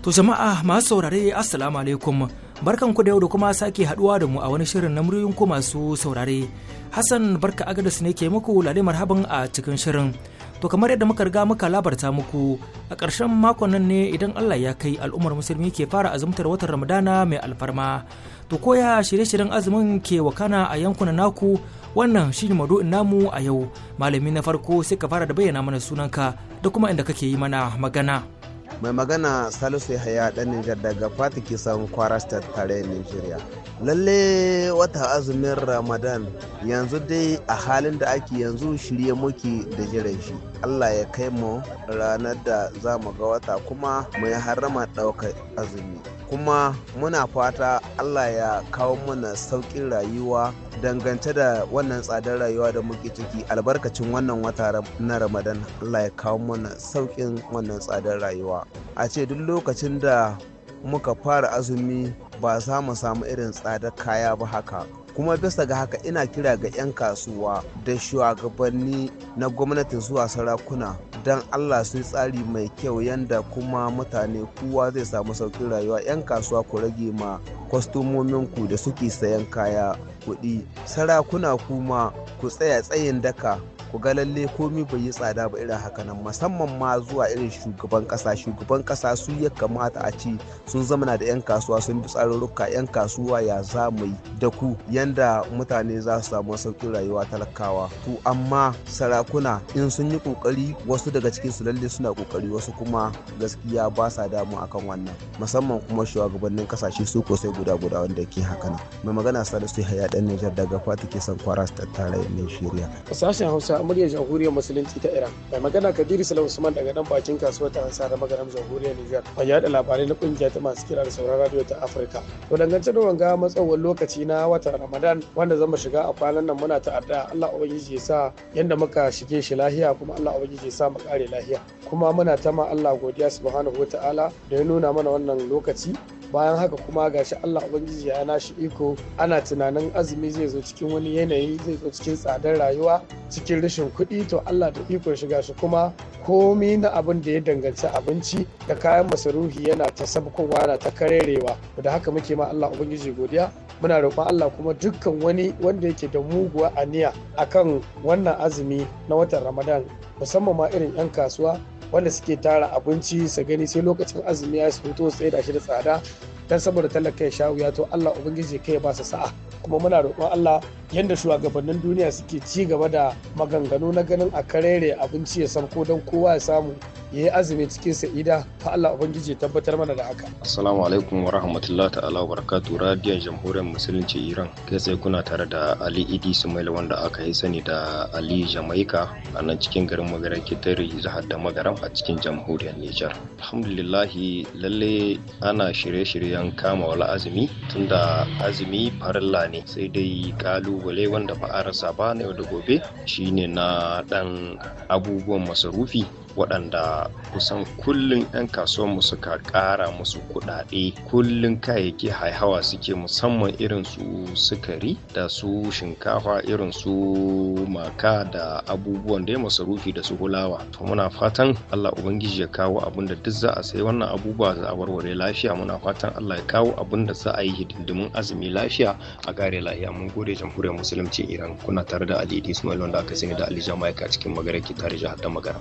To jama'a masu saurare assalamu alaikum barkan ku da yau da kuma sake haduwa da mu a wani shirin na muryoyin ku masu saurare. Hassan barka agadis ne ke muku lalle marhaban a cikin shirin. To kamar yadda muka riga muka labarta muku a ƙarshen makon nan ne idan Allah ya kai al'ummar musulmi ke fara azumtar watan Ramadana mai alfarma. To koya shirye-shiryen azumin ke wakana a yankunan naku Wannan shine maudu'in namu a yau. Malami na farko sai ka fara da bayyana mana sunanka da kuma inda kake yi mana magana. mai magana salisu haya dan nijar daga fati kisan kwara state tare nigeria lalle wata azumin ramadan yanzu dai a halin da ake yanzu shirye muke da jiran shi allah ya kai mu ranar da za mu ga wata kuma mai harama ɗaukar azumi kuma muna fata allah ya kawo mana sauƙin rayuwa dangance da wannan tsadar rayuwa da muke ciki albarkacin wannan wata na ramadan allah ya kawo mana sauƙin wannan tsadar rayuwa a ce duk lokacin da muka fara azumi ba za mu samu irin tsadar kaya ba haka kuma bisa ga haka ina kira ga 'yan kasuwa da shugabanni na gwamnatin zuwa sarakuna don allah sai tsari mai kyau yadda kuma mutane kowa zai samu sauƙin rayuwa 'yan kasuwa ku rage ma kwastomominku da suke sayan kaya kuɗi sarakuna kuma ku tsaya tsayin daka ku ga lalle komi bai yi tsada ba irin haka nan musamman ma zuwa irin shugaban kasa shugaban kasa su ya kamata a ci sun zamana da 'yan kasuwa sun bi tsarurruka 'yan kasuwa ya za mu da ku yanda mutane za su samu sauƙin rayuwa talakawa to amma sarakuna in sun yi kokari wasu daga cikin su lalle suna kokari wasu kuma gaskiya ba sa damu akan wannan musamman kuma shugabannin kasashe su ko sai guda guda wanda ke haka nan mai magana salisu haya dan Nijar daga Fati ke son kwara ta Nigeria sashen Hausa Hausa muryar Jamhuriyar Musulunci ta Iran. Mai magana Kabiru Sala Usman daga dan bakin kasuwar ta Hansa da magaram Jamhuriyar Nijar. Mai yada labarai na kungiya ta masu kira da sauran radio ta Afirka. To dangance da wanga matsawar lokaci na watan Ramadan wanda zama shiga a kwanan nan muna ta'adda Allah ubangiji ya sa yanda muka shige shi lahiya kuma Allah ubangiji ya sa mu kare lahiya. Kuma muna tama Allah godiya subhanahu wataala da ya nuna mana wannan lokaci bayan haka kuma gashi Allah Ubangiji ya shi iko ana tunanin azumi zai zo cikin wani yanayi zai zo cikin tsadar rayuwa cikin rashin kuɗi to Allah da ikon shiga shi kuma komi na abin da ya danganci abinci da kayan masarufi yana ta sabkowa yana ta karerewa da haka muke ma Allah ubangiji godiya muna roƙon Allah kuma dukkan wani wanda yake da muguwa a aniya akan wannan azumi na watan Ramadan musamman ma irin 'yan kasuwa wanda suke tara abinci su gani sai lokacin azumi ya su fito su tsaye da shi da tsada dan saboda talaka ya sha ya to Allah ubangiji kai ya ba su sa'a kuma muna roƙon Allah yanda shugabannin duniya suke ci gaba da maganganu na ganin a karere abinci ya sauko dan kowa ya samu ya yi azumi cikin sa'ida fa Allah ubangiji tabbatar mana da haka assalamu alaikum wa rahmatullahi ta'ala wa barakatuh radiyon jamhuriyar musulunci Iran kai sai kuna tare da Ali Idi sumail wanda aka yi sani da Ali Jamaika a nan cikin garin Magaran Kitari jihar da Magaram a cikin jamhuriyar Nijar alhamdulillah lalle ana shirye-shirye an kama wala azumi tunda azumi farilla ne sai dai kalubale wanda ba a rasa ba na yau da gobe shine na dan abubuwan masarufi waɗanda kusan kullum 'yan mu suka ƙara musu kuɗaɗe kullum kayayyaki haihawa suke musamman irin su sukari da su shinkafa irin su maka da abubuwan da ya masarufi da su hulawa to muna fatan allah ubangiji ya kawo abin da duk za a sai wannan abubuwa za a warware lafiya muna fatan allah ya kawo abin da za a yi hidindimin azumi lafiya a gare lafiya mun gode jamhuriyar musulunci iran kuna tare da alidi ismail wanda aka sani da alijama jamaika cikin magana ke tare jihar da magana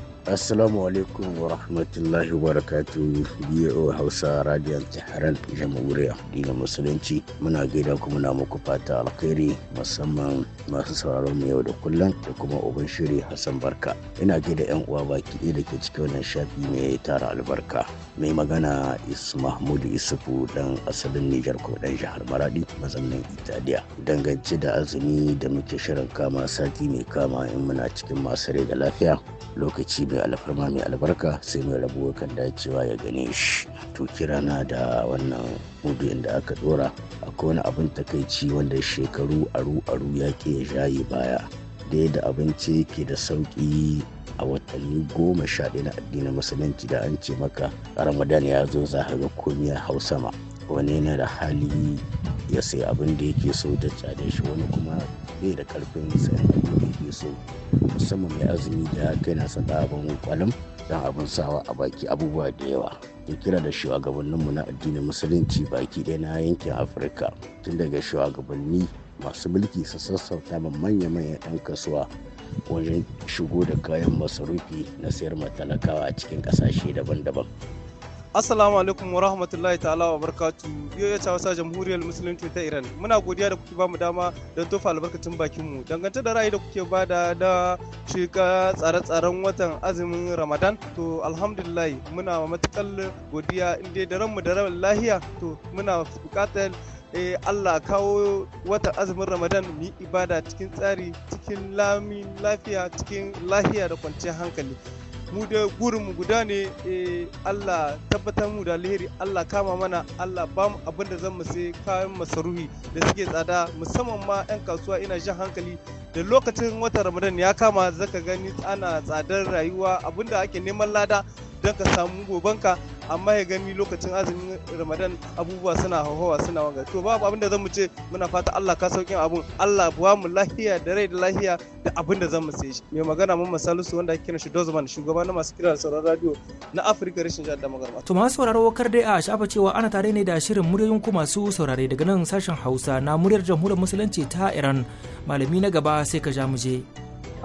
Assalamu alaikum wa rahmatullahi wa barakatu BO Hausa Radiyon Tehran Jamhuriyar Dina Musulunci muna gaida ku muna muku fata alkhairi musamman masu sauraron mu yau da kullum da kuma uban shiri Hassan Barka ina gaida yan uwa baki ɗaya da ke cikin wannan shafi mai tara albarka mai magana is mahmud isufu dan asalin nijar ko dan jihar maradi mazaunin italiya dangance da azumi da muke shirin kama sati mai kama in muna cikin masu rai da lafiya lokaci mai alfarma mai albarka sai mai rabu kan dacewa ya gane shi to na da wannan maudu'in da aka dora akwai wani abin takaici wanda shekaru aru aru ya ke ya baya da abinci ke da sauƙi a watanni goma sha ɗaya na addinin musulunci da an ce maka ramadan ya zo za ka ga komi a hausa ma wani yana da hali ya sai abin da yake so da cada shi wani kuma bai da karfin sayan abin da yake so musamman mai azumi da kai na saka abin kwalim don abin sawa a baki abubuwa da yawa ya kira da shugabanninmu na addinin musulunci baki ɗaya na yankin afirka tun daga shugabanni masu mulki su sassauta ma manya-manyan 'yan kasuwa wajen shigo da kayan masarufi na sayar matalakawa a cikin kasashe daban-daban Assalamu alaikum wa rahmatullahi ta'ala wa barkatu biyo ya wasa jamhuriyar musulunci ta Iran muna godiya da kuke ba mu dama don tofa albarkacin bakin mu dangantar da ra'ayi da kuke ba da shiga tsare-tsaren watan azumin Ramadan to alhamdulillah muna matukar godiya inda da ranmu da ran lahiya to muna bukatar eh Allah kawo watan azumin Ramadan mu yi ibada cikin tsari cikin lami lafiya cikin lahiya da kwanciyar hankali mu da mu guda ne eh, Allah tabbatar mu da alheri Allah kama mana Allah ba mu abin da zan mu sai kayan masaruhi da suke tsada musamman ma 'yan kasuwa ina jan hankali da lokacin watan Ramadan ya kama zaka gani ana tsadar rayuwa abinda ake neman lada don ka samu gobanka amma ya gani lokacin azumin ramadan abubuwa suna hauhawa suna wanga to babu abin da mu ce muna fata Allah ka saukin abun Allah buwa mu lahiya da rai da lahiya da abin da mu sai shi mai magana mun masalisu wanda ake kiran shi Dozman shugaba na masu kira sauran radio na Afirka rashin jihar da magarba to masu sauraro kar dai a shafa cewa ana tare ne da shirin muryoyin ku masu saurare daga nan sashen Hausa na muryar jamhuriyar musulunci ta Iran malami na gaba sai ka ja mu je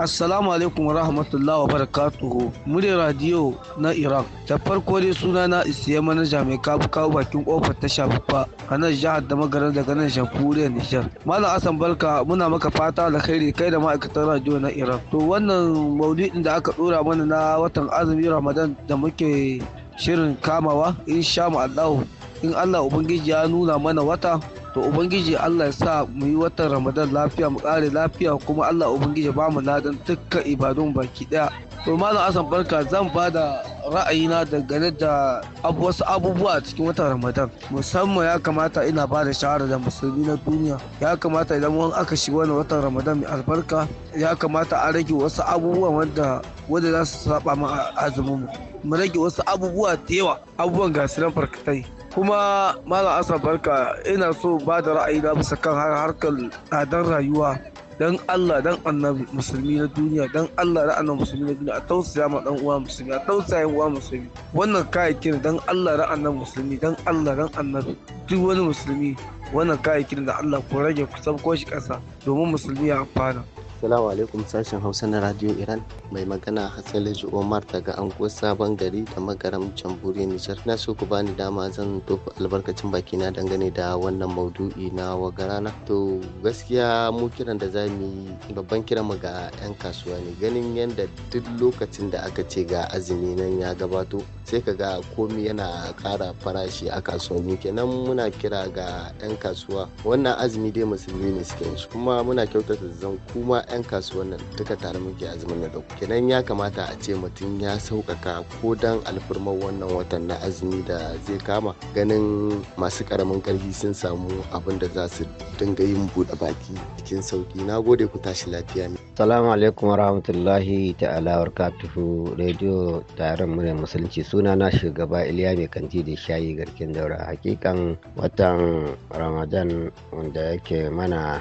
Assalamu alaikum rahmatullahi wa barakatuhu. Murya radio na Iraq. Da farko dai suna na isiye manaja mai kabu kawo bakin kofar ta shafuffa a nan jihar da magarar daga nan shafuriyar Nijar. Malam Asan Barka muna maka fata da kai kai da ma'aikatan radio na Iran. To wannan maulidin da aka dora mana na watan azumi Ramadan da muke shirin kamawa in sha mu Allah in Allah ubangiji ya nuna mana wata to ubangiji Allah ya sa mu yi watan Ramadan lafiya mu kare lafiya kuma Allah ubangiji ba mu ladan dukka ibadun baki daya to malam asan barka zan ba da ra'ayina dangane da wasu abubuwa a cikin watan Ramadan musamman ya kamata ina ba da shawara da musulmi na duniya ya kamata idan wani aka shiga wani watan Ramadan mai albarka ya kamata a rage wasu abubuwa wanda wanda za su saba ma azumin mu mu rage wasu abubuwa da yawa abubuwan gasiran farkatai kuma malam asa barka ina so ba da ra'ayi na bisa kan harkar tsadar rayuwa dan Allah dan annabi musulmi na duniya dan Allah da annabi musulmi na duniya a tausaya ma dan uwa musulmi a tausaya uwa musulmi wannan kayayyakin dan Allah da annabi musulmi dan Allah dan annabi duk wani musulmi wannan kayayyakin da Allah ko rage kusan ko shi kasa domin musulmi ya amfana Assalamu alaikum sashen Hausa na Radio Iran mai magana Hassalaju Omar daga Ango Sabon Gari da Magaram Camburi Nijar. Na so ku bani dama zan tofa albarkacin baki na dangane da wannan maudu'i na wagarana. To gaskiya mu kiran da za mu yi babban kiran mu ga 'yan kasuwa ne ganin yadda duk lokacin da aka ce ga azumi nan ya gabato sai ka ga komi yana ƙara farashi a kasuwanni kenan muna kira ga 'yan kasuwa wannan azumi dai musulmi ne suke kuma muna kyautata zan kuma 'yan kasuwan nan duka tare muke azumin na dauku kenan ya kamata a ce mutum ya sauƙaƙa ko dan alfarmar wannan watan na azumi da zai kama ganin masu ƙaramin ƙarfi sun samu abin da za su dinga yin buɗe baki cikin sauƙi na gode ku tashi lafiya ne. salamu alaikum wa rahmatullahi ta'ala wa katuhu rediyo taron murya musulunci suna na shugaba iliya mai kanti da shayi garkin daura hakikan watan ramadan wanda yake mana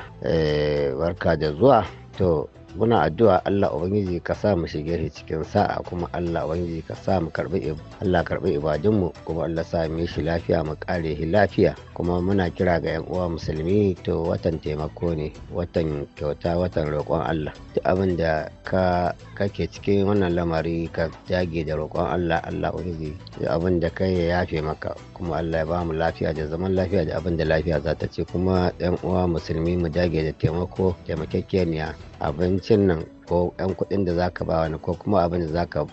warka eh, da zuwa to muna addu'a Allah Ubangiji ka sa mu shige shi cikin sa'a kuma Allah Ubangiji ka sa mu karbi Allah karbi ibadun kuma Allah sa mu shi lafiya mu kare shi lafiya kuma muna kira ga yan uwa musulmi to watan taimako ne watan kyauta watan roƙon Allah duk abin da ka kake cikin wannan lamari ka jage da roƙon Allah Allah Ubangiji duk abin da kai ya yafe maka kuma Allah ya ba mu lafiya da zaman lafiya da abin da lafiya za ta ce kuma yan uwa musulmi mu jage da taimako taimakekeniya abincin nan ko 'yan kuɗin da zaka ba wani ko kuma abin da zaka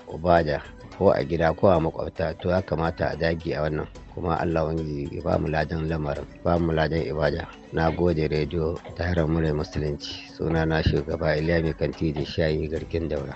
da ko a gida ko a makwabta to ya kamata a dage a wannan kuma Allah wani ba mu ladan lamarin ba mu ladan ibada na gode rediyo ta harar murai musulunci suna na shugaba Iliya mai kanti da shayi garkin daura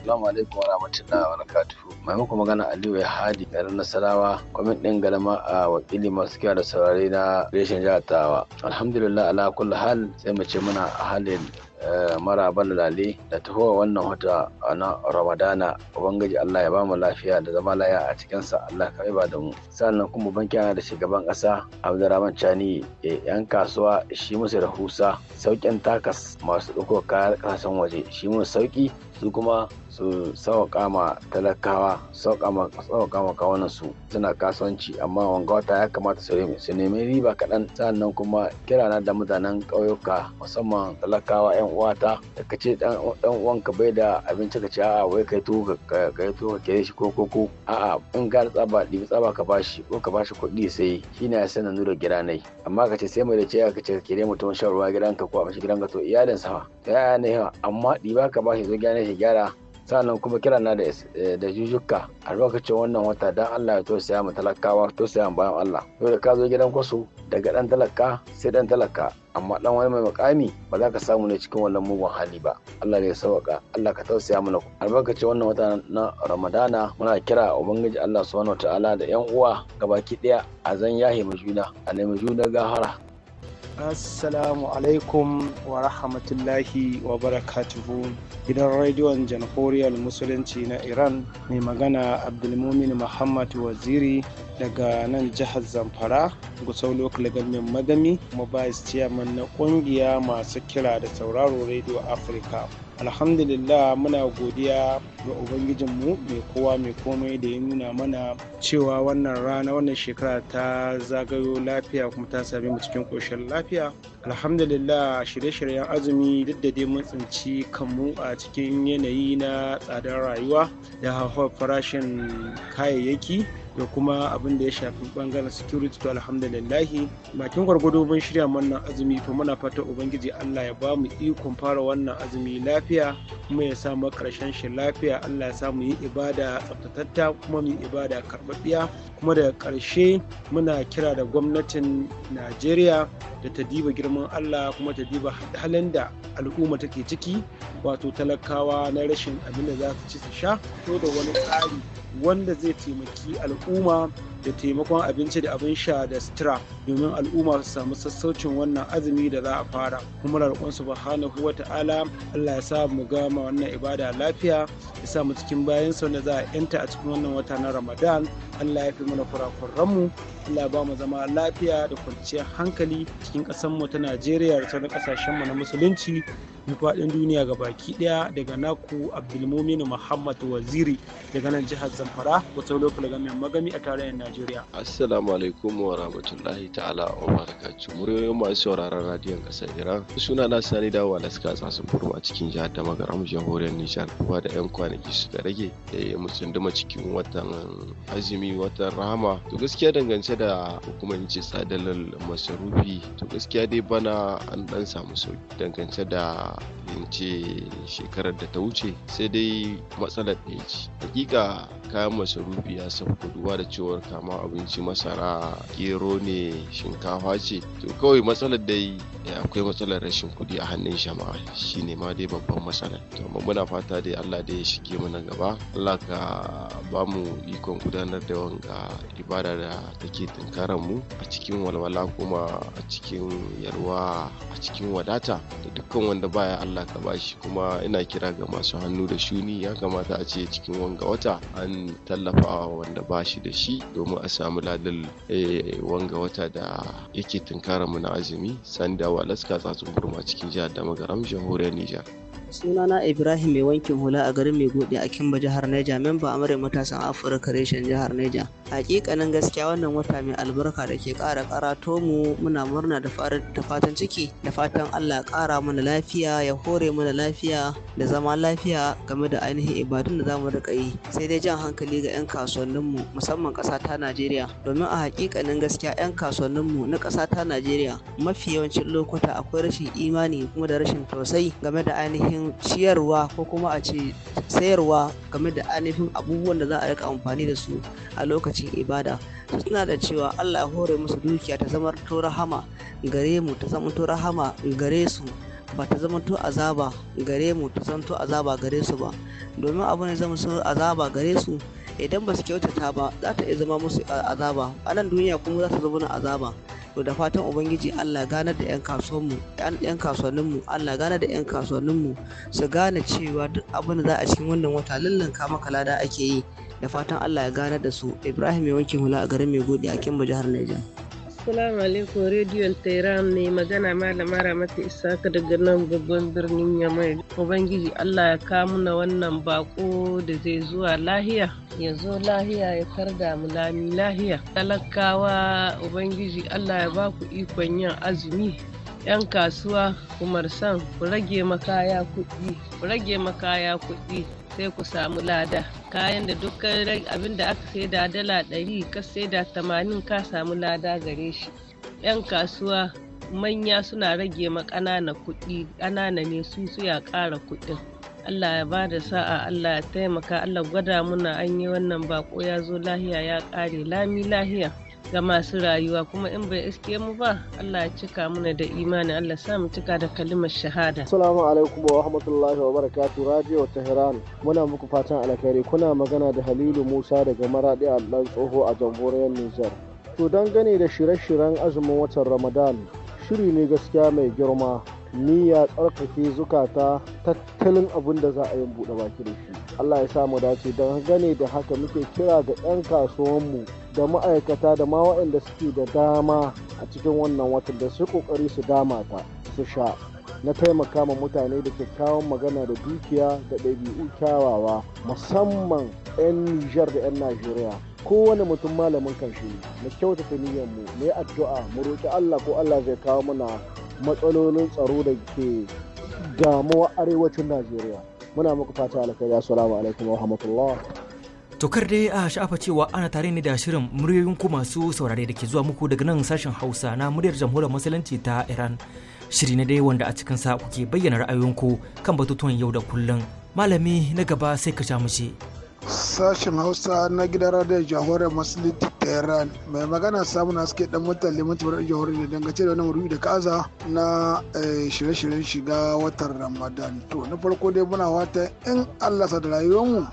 Assalamu alaikum wa rahmatullahi wa barakatuhu. Mai muku magana Aliyu ya hadi garin Nasarawa, kwamin ɗin galama a wakili masu kyau da saurari na reshen jihar Tawa. Alhamdulillah ala kulli hal sai mu ce muna a halin Eh, maraban lale da tahowa wannan wata na ramadana ubangiji allah ya bamu lafiya da zama laya a cikinsa allah ka ba da mu sannan kuma banki yana da shugaban ƙasa, abdurrahman chani yan kasuwa shi musu husa, sauƙin takas masu ɗauko kayan ƙasashen waje shi musu sauƙi su kuma su sauƙa ma talakawa sauƙa ma kawunan su suna kasuwanci amma wanga wata ya kamata su nemi riba kaɗan sannan kuma kirana da mutanen ƙauyuka musamman talakawa 'yan uwata da ka ce ɗan ka bai da abinci ka ce a'a wai kai tuwo ka yi tuwo kere shi ko ko ko a'a in ka tsaba ɗibi tsaba ka bashi ko ka bashi kuɗi sai shi ne ya sanar nuna gidanai amma ka ce sai mai da ce ka ce ka kere mutum shan ruwa gidanka ko a bashi gidanka to iyalin sa ya ne amma ɗiba ka bashi zo gidanai shi gyara sa'annan kuma kira na da eh, da jujjuka a lokacin wannan wata dan Allah ya tosaya mu talakawa tosaya mu bayan Allah yau da ka zo gidan kwaso daga dan talaka sai dan talaka amma dan wani mai mukami ba za ka samu ne cikin wannan mugun hali ba Allah ya sauka Allah ka tausaya mana albarkacin wannan wata na Ramadana muna kira ubangiji Allah subhanahu wataala da yan uwa gabaki daya a zan yahi mu juna a nemi juna gahara Assalamu alaikum wa rahmatullahi wa barakatuhu gidan rediyon jamhuriyar musulunci na Iran mai magana Abdulmumin Muhammad Waziri daga nan jihar Zamfara Gusau Local Government Madami kuma Chairman na kungiya masu kira da sauraro rediyo afirka. alhamdulillah muna godiya ga ubangijinmu mai kowa mai komai da ya nuna mana cewa wannan rana wannan shekara ta zagayo lafiya kuma ta same mu cikin koshin lafiya alhamdulillah shirye-shiryen azumi duk da dai mun tsinci kanmu a cikin yanayi na tsadar rayuwa da hauhawar farashin kayayyaki da kuma abin da ya shafi bangaren security to alhamdulillahi bakin gwargwado mun shirya wannan azumi to muna fata ubangiji allah ya ba mu ikon fara wannan azumi lafiya kuma ya samu karshen shi lafiya allah ya samu yi ibada tsaftatatta kuma mu yi ibada karbabbiya kuma da karshe muna kira da gwamnatin najeriya da ta diba girman allah kuma ta diba halin da al'umma take ciki wato talakawa na rashin abin da za su ci su sha to da wani tsari wanda zai taimaki al'umma da taimakon abinci da abin sha da sutura domin al'umma su samu sassaucin wannan azumi da za a fara kuma su subhanahu wa ta'ala Allah ya sa mu gama wannan ibada lafiya ya sa mu cikin bayan sau da za a yanta a cikin wannan wata na Ramadan Allah ya fi mana kurakuran mu Allah ba mu zama lafiya da kwanciyar hankali cikin ƙasar mu ta Najeriya da sauran ƙasashen mu na musulunci faɗin duniya ga baki ɗaya daga naku abdulmuminu muhammad waziri daga nan jihar zamfara wata lokal gamin magami a tarayyar najeriya assalamu alaikum wa rahmatullahi ta'ala wa barakatuh muryoyin masu sauraron radiyon ƙasar iran suna na sani dawowa da suka tsasa furu a cikin jihar da magaram jamhuriyar nijar kuma da yan kwanaki suka rage da eh, ya musunduma cikin watan azumi watan rahama to gaskiya dangance da hukumar ce tsadalar masarufi to gaskiya dai bana an dan samu sauki dangance da in ce shekarar da ta wuce sai dai matsalar ɗaya ce hakika kayan masarufi ya sauka duba da cewar kama abinci masara gero ne shinkafa ce to kawai matsalar dai eh, akwai matsalar rashin kuɗi a hannun shama ne ma dai babban matsalar to amma muna fata dai Allah dai ya shige mu nan gaba Allah ka ba mu ikon gudanar da wanga ibada da take tunkaran mu a cikin walwala kuma a cikin yarwa a cikin wadata da dukkan wanda ba baya Allah ka bashi kuma ina kira ga masu hannu da shuni ya kamata a ce cikin wanga wata an tallafa wanda bashi da shi domin a samu ladin eh, wanga wata da yake tunkara mu na azumi sanda walaska tsatsun burma cikin jihar da magaram jamhuriyar Nijar. sunana ibrahim mai wankin hula a garin Mai maigode a kimba jihar neja memba amurai matasan afirka reshen jihar neja hakikanin gaskiya wannan wata mai albarka da ke kara karato mu muna murna da fatan ciki da fatan allah kara mana lafiya ya hore mana lafiya da zama lafiya game da ainihin ibadun da zamu rika yi sai dai jan hankali ga 'yan kasuwanninmu musamman ƙasa ta najeriya domin a hakikanin gaskiya 'yan kasuwannin mu na ƙasa ta najeriya mafi yawancin lokuta akwai rashin imani kuma da rashin tausayi game da ainihin ainihin ciyarwa ko kuma a ce sayarwa game da ainihin abubuwan da za a rika amfani da su a lokacin ibada suna da cewa allah ya hore musu dukiya ta zama to rahama gare mu ta zama to rahama gare su ba ta zama to azaba gare mu ta zama to azaba gare su ba domin abu ne zama su azaba gare su idan ba su kyautata ba za ta iya zama musu azaba a nan duniya kuma za ta zama azaba to da fatan ubangiji allah gane da yan kasuwanmu yan kasuwanninmu allah gane da yan kasuwanninmu su gane cewa duk abin da za a cikin wannan wata lallanka maka lada ake yi da fatan allah ya gane da su ibrahim ya wanke hula a garin mai gode a kimba jihar niger Assalamu alaikum rediyon Tehran ne magana malama Ramatu Isaka daga nan babban birnin Yamai. Ubangiji Allah ya kamu na wannan bako da zai zuwa lahiya. Ya zo lahiya ya tarda mu lami lahiya. Talakawa Ubangiji Allah ya ba ku ikon yin azumi. 'Yan kasuwa kumar san ku rage makaya kuɗi, ku rage makaya kuɗi sai ku samu lada. kayan da duk abin da aka saida dala ɗari ka da tamanin ka samu lada gare shi yan kasuwa manya suna rage ma ƙanana kuɗi ƙanana ne su suya ƙara kuɗin allah ya bada sa'a allah ya taimaka allah gwada muna an yi wannan baƙo ya zo lahiya ya ƙare lami lahiya ga masu rayuwa kuma in bai iske mu ba Allah ya cika muna da imani Allah sa mu cika da kalimar shahada assalamu alaikum wa rahmatullahi wa barakatuh radio tehran muna muku fatan alkhairi kuna magana da Halilu Musa daga Maradi Allah tsoho a jamhuriyar Nijar to dangane da shirye-shiryen azumin watan Ramadan shiri ne gaskiya mai girma niyya tsarkake zukata tattalin abin da za a yi buɗe baki da shi Allah ya sa mu dace don gane da haka muke kira ga 'yan kasuwanmu da ma'aikata da ma waɗanda suke da dama a cikin wannan watan da su ƙoƙari su dama ta su sha na taimaka ma mutane da kyakkyawan magana da dukiya da ɗabi'u kyawawa musamman 'yan nijar da 'yan najeriya kowane mutum malamin kan shi mu kyautata niyyar mu yi addu'a mu roƙi allah ko allah zai kawo mana matsalolin tsaro da ke damuwa arewacin najeriya muna muku fata alkhairi assalamu alaikum wa rahmatullah Tokar dai a sha'afa cewa ana tare ne da shirin muryoyin ku masu saurare da ke zuwa muku daga nan sashen Hausa na muryar jamhuriyar musulunci ta Iran. Shiri na dai wanda a cikin sa kuke bayyana ra'ayoyinku kan batutuwan yau da kullum. Malami na gaba sai ka sha mace. Sashen Hausa na gidan radiyar jamhuriyar ta iran mai magana samun na suke eh, dan mutan limanci bar jihar da dangace da wani murmi da kaza na shirye-shiryen shiga watan Ramadan. To na farko dai muna wata in Allah sa da rayuwarmu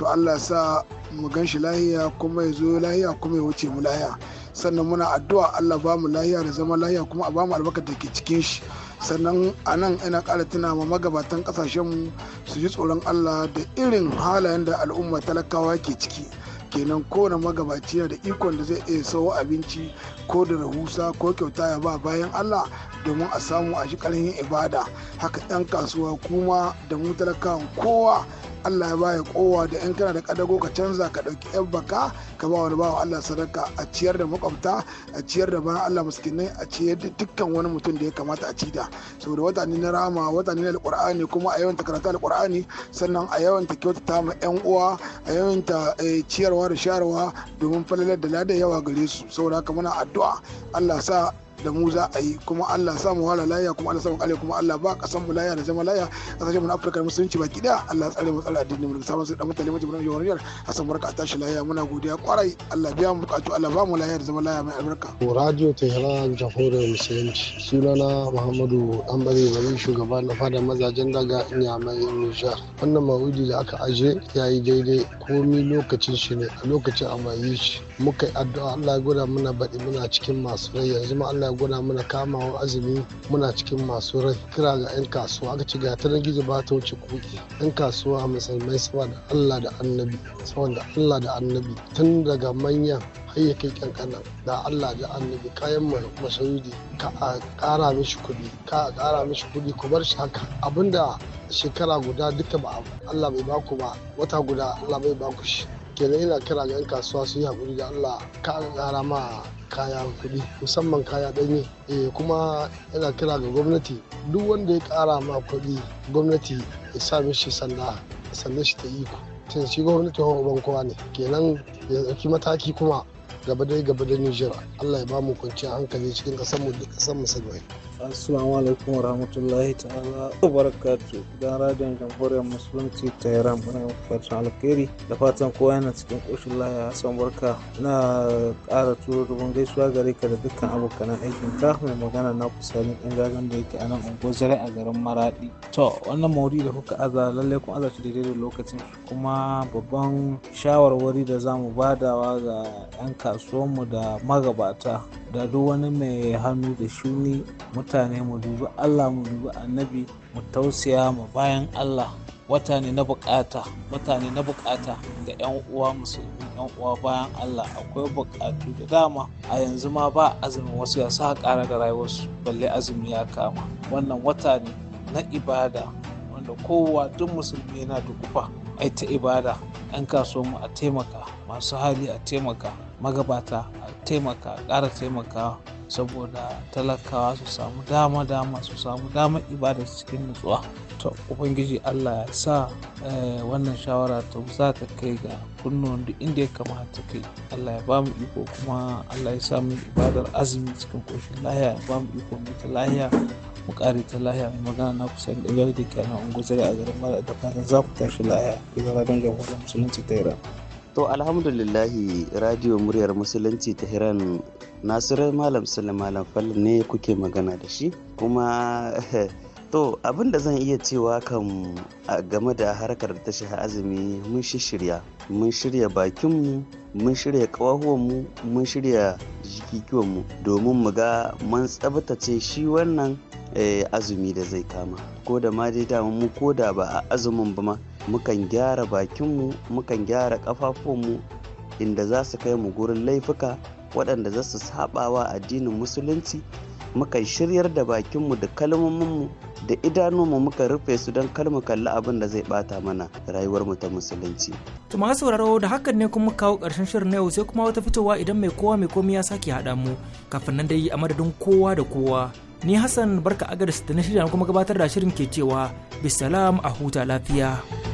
to allah sa mu gan shi lahiya kuma ya zo lahiya kuma ya wuce mu lahiya sannan muna addu'a allah ba mu lahiya da zama lahiya kuma a ba mu albarkar da ke cikin shi sannan a nan ina ƙara tuna ma magabatan mu su ji tsoron allah da irin halayen da al'umma talakawa ke ciki kenan kowane magabaci da ikon da zai iya sawo abinci ko da rahusa ko kyauta ya ba bayan allah domin a samu a shi ibada haka 'yan kasuwa kuma da mu talakawan kowa Allah ya baya kowa da yan kana da kadago ka canza ka dauki yan baka ka ba wani bawa Allah sadaka a ciyar da makwabta a ciyar da bayan Allah miskinai a ciyar da dukkan wani mutum da ya kamata a cida saboda wata ne na rama wata ne na alqur'ani kuma a yawan ta karatu alqur'ani sannan a yawan ta kyautata ma yan uwa a yawan ta eh, ciyarwa da sharwa domin falalar da lada yawa gare su saboda haka muna addu'a Allah sa da mu za a yi kuma Allah sa mu wala laya kuma Allah sa mu kare kuma Allah ba kasan mu laya da zama laya kasashen mu na Afirka musulunci baki daya Allah tsare mu tsare addinin mu sabon sai da mutane mutum na jawariyar Hassan barka a tashi laya muna godiya kwarai Allah biya mu bukatu Allah ba mu laya da zama laya mai albarka Radio Tehran Jamhuriyar Musulunci sunana Muhammadu an bari shugaba na fada mazajen daga Nyamai Nijar wannan mawudi da aka aje yayi daidai komai lokacin shi ne a lokacin a yi shi muka yi addu'a Allah ya gwada muna baɗi muna cikin masu rai yanzu ma Allah ya gwada muna kamawa azumi muna cikin masu rai kira ga 'yan kasuwa aka ci ga nan gizo ba ta wuce kuki 'yan kasuwa musulmai saboda Allah da annabi saboda Allah da annabi tun daga manyan har ya kai kankana da Allah da annabi kayan masarudi ka a kara mishi kuɗi ka a kara mishi kuɗi ku bar shi haka abinda shekara guda duka ba Allah bai baku ba wata guda Allah bai baku shi kenan ina kira ga 'yan kasuwa su yi haƙuri da allah ka ƙara ma kaya kuɗi musamman kaya ɗanye e, kuma yana kira ga gwamnati duk wanda ya ƙara ma kuɗi gwamnati ya sa mishi sanda sanda shi ta iko tun shi gwamnati hawa ban kowa ne kenan ya ɗauki mataki kuma gaba dai gaba da nijar allah ya ba mu kwanciyar hankali cikin ƙasar mu da ƙasar musulmai Assalamu alaikum warahmatullahi ta'ala barakatu dan radiyon jamhuriyar musulunci ta Iran muna fatan alkhairi da fatan kowa yana cikin koshin laya san barka na ƙara turo dubun gaisuwa gare ka da dukkan abokan aikin ka mai magana na kusurin ɗan gagan da yake a nan unguwar a garin Maradi to wannan mauri da kuka aza lalle kun aza shi daidai da lokacin kuma babban shawarwari da zamu badawa ga 'yan kasuwanmu da magabata da duk wani mai hannu da shuni mutane mu dubi allah mu dubi annabi mu tausaya mu bayan allah wata ne na bukata wata na bukata ga yan uwa musulmi yan uwa bayan Allah akwai bukatu da dama a yanzu ma ba azumin wasu ya sa ƙara da rayuwarsu balle azumi ya kama wannan wata ne na ibada wanda kowa duk musulmi yana da kufa ta ibada yan mu a taimaka masu hali a taimaka magabata a taimaka ƙara taimaka saboda talakawa su samu dama dama su samu dama ibada cikin nutsuwa to ubangiji allah ya sa eh, wannan shawara ta za ta kai ga kunnuwan duk inda ya kamata kai allah ya bamu iko kuma allah ya sa ibadar azumi cikin koshin lahiya ya bamu iko mai lahiya mu kare ta lahiya mai magana na kusan da yau da kenan unguzari a garin mara da fatan za ku tashi lahiya daga radon jamhuriyar musulunci ta iran to alhamdulillahi radio muryar musulunci ta iran nasiru malam sulaiman malam fallon ne kuke magana da shi kuma [laughs] To abin da zan iya cewa kan game da harkar da ta azumi mun shirya. Mun shirya bakinmu, mun shirya kawahuwanmu mun shirya jikikiwanmu domin mu ga mun tsabtace shi wannan eh, azumi da zai kama. Ko da ma dai damu mu ko da ba a azumin ba ma mukan gyara bakinmu, mukan gyara kafafuwanmu inda za su kai mu gurin laifuka waɗanda za su saɓawa addinin musulunci mukan shiryar da bakinmu da kalmominmu da idanunmu muka rufe su don kalmu kalli abin da zai bata mana rayuwarmu ta musulunci. To masu sauraro da hakan ne kuma kawo ƙarshen shirin na yau sai kuma wata fitowa idan mai kowa mai komai ya sake haɗa mu kafin nan dai a madadin kowa da kowa. Ni Hassan barka agar da na shirya kuma gabatar da shirin ke cewa bisalam a huta lafiya.